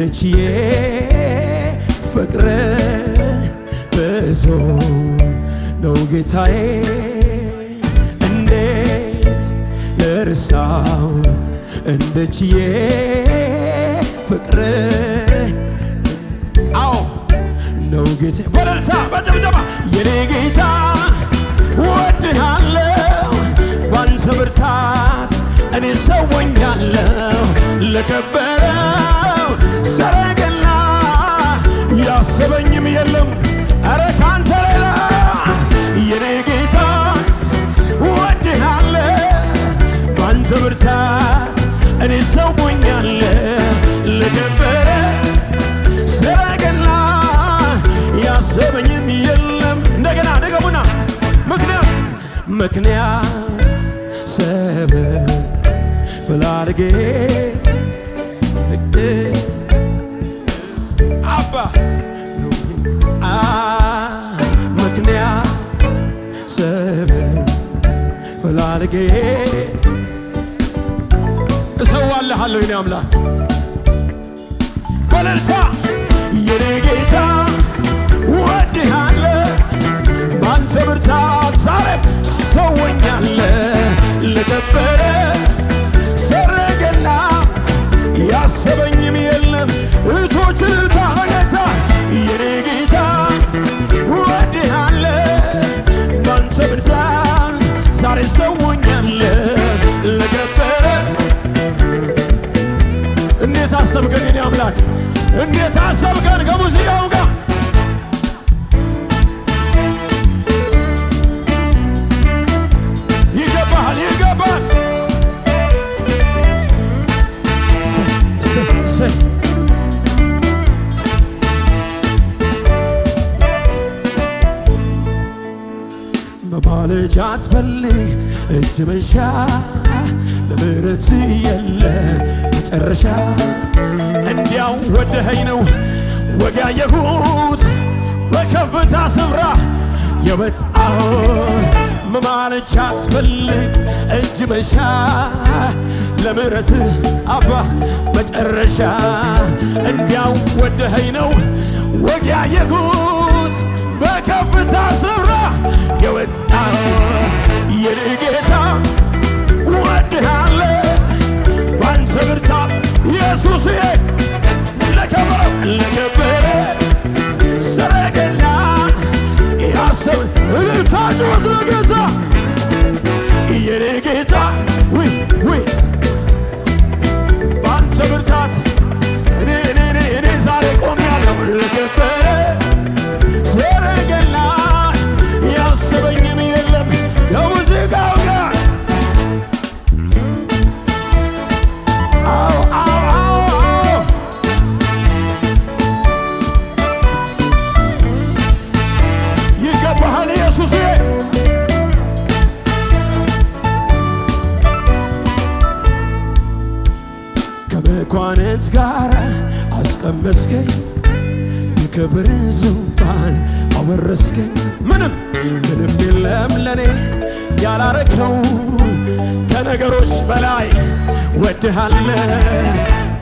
ልጅዬ ፍቅር ብዙ ነው ጌታዬ እንዴት ልርሳው እንደችዬ ፍቅር አዎ ነው ጌታ በደልሳ በጭብጨባ የኔ ጌታ ወድሃለው ባንተ ብርታት እኔ ሰወኛለሁ ለከበረ ሰረገላ ያሰበኝም የለም ኧረ ካንተ ሌላ የኔ ጌታ ወድሃለ ባንተ ብርታት እኔ ሰው ሆኛለ ለደበረ ሰረገላ የለም እንደገና ደገሙና ምክንያት ምክንያት ሰበብ ፍላርጌ ፈላልጌ እሰዋልሃለሁ የኔ አምላክ በለልታ የኔ ጌታ ወድሃለ ባንተ ብርታት ዛሬም ሰወኛለ ለከበረ ሰረገላ ያሰበኝም አምላክ እንዴት አሰብከን ከሙዚቃው ጋር ይገባል ይገባል አስፈልግ እጅ መንሻ ለምሕረት የለም መጨረሻ እንዲያው ወደኸኝ ነው ወጋየሁት በከፍታ ስፍራ የወጣሁ መማለቻ ስፈልግ እጅ መሻ ለምረት አባ መጨረሻ እንዲያው ወደኸኝ ነው ወጋየሁት በከፍታ ስፍራ የወጣሁ የኔ ጌታ ወድሃለ ባንተ ብርት ኢየሱስ ለከበረ ለከበረ ሰረገላ ያሰብ እልልታ ጩኸት ለጌታ ከመኳንንት ጋር አስቀመስገኝ የክብር ዙፋን አወረስከኝ። ምንም ምንም የለም ለኔ ያላረከው ከነገሮች በላይ ወድሃለ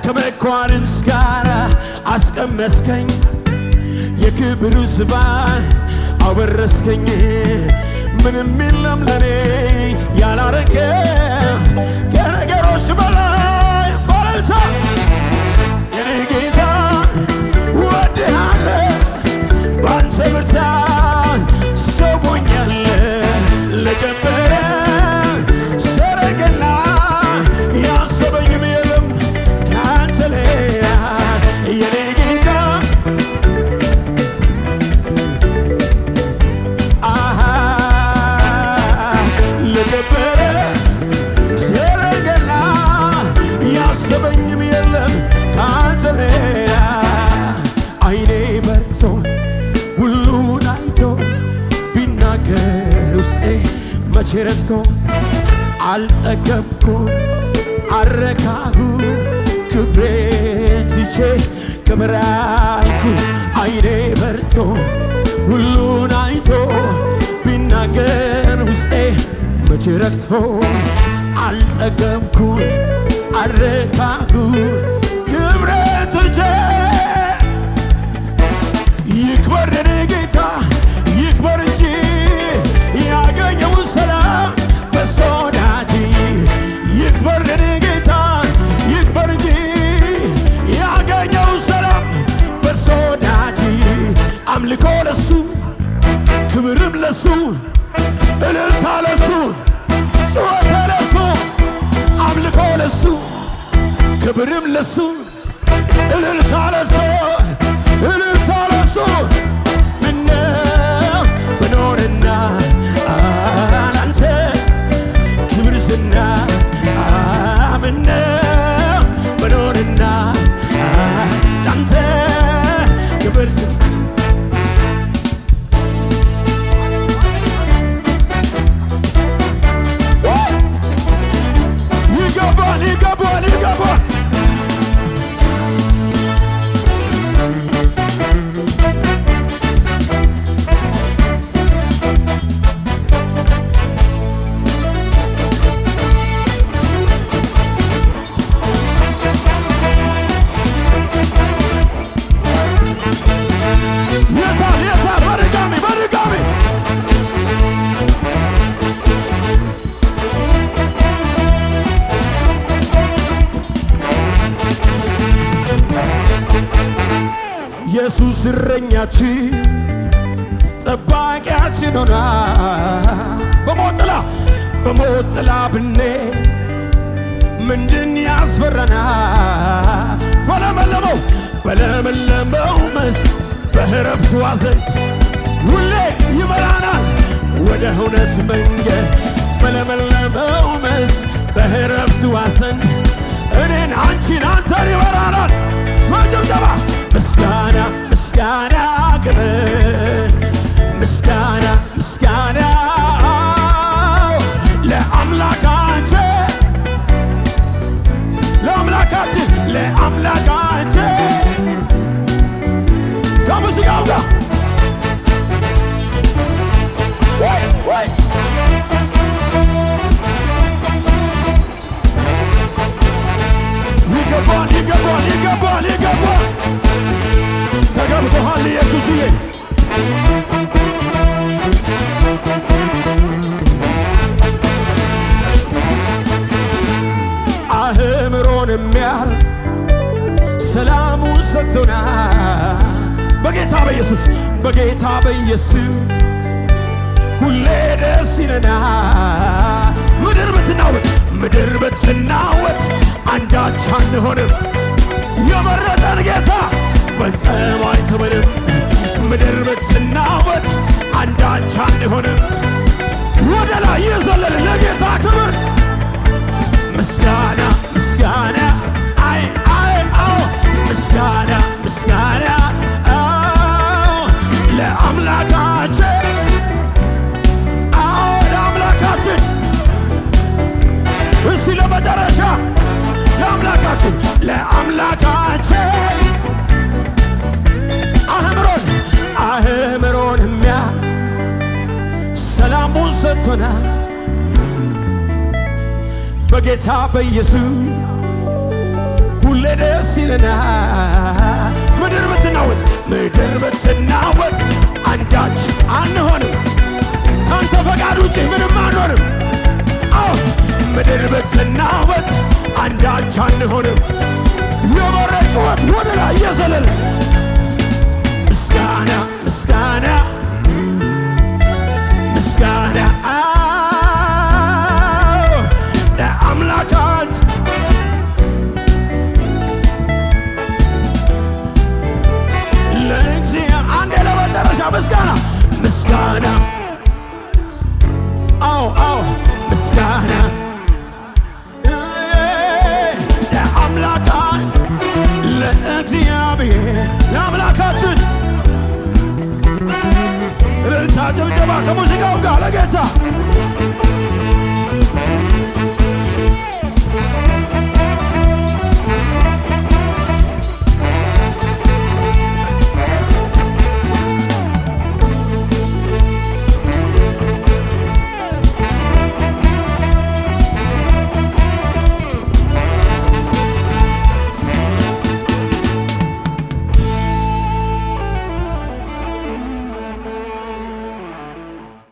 ከመኳንንት ጋር አስቀመጥከኝ የክብር ዙፋን አወረስከኝ። ምንም የለም ለኔ ያላረከ ከነገሮች በላይ ጌታ ወድሃለ ባንተ ብቻ ረድቶ አልጠገብኩም አረካሁ ክብሬ ትቼ ክብር አይኔ በርቶ ሁሉን አይቶ ቢናገር ውስጤ መቼ ረድቶ አልጠገብኩም አረካሁ ክብርም ለሱ እልልታ ለሱ እልልታ ለሱ ኢየሱስ እረኛችን ጠባቂያችን ሆና በሞት ጥላ በሞት ጥላ ብኔ ምንድን ያስፈራና በለመለመው በለመለመው መስ በእረፍቷ ዘንድ ሁሌ ይመራናል ወደ እውነት መንገድ በለመለመው መስ በእረፍቷ ዘንድ እኔን አንቺን አንተን ይመራናል በጭብጨባ ምስጋና ምስጋና ክብር ምስጋና በኢየሱስ በጌታ በኢየሱስ ሁሌ ደስ ይለና ምድር ብትናወጥ ምድር ብትናወጥ አንዳች አንሆንም። የመረጠን ጌታ ፈጽሞ አይትምንም። ምድር ብትናወጥ አንዳች አንሆንም። በጌታ በኢየሱስ ሁሌ ደስ ይለናል። ምድር ብትናወጥ ምድር ብትናወጥ አንዳች አንሆንም፣ ካንተ ፈቃድ ውጭ ምንም አንሆንም። ምድር ብትናወጥ አንዳች አንሆንም። የበረ ጩኸት ወደ ላይ እየዘለለ ጭብጨባ ከሙዚቃው ጋር ለጌታ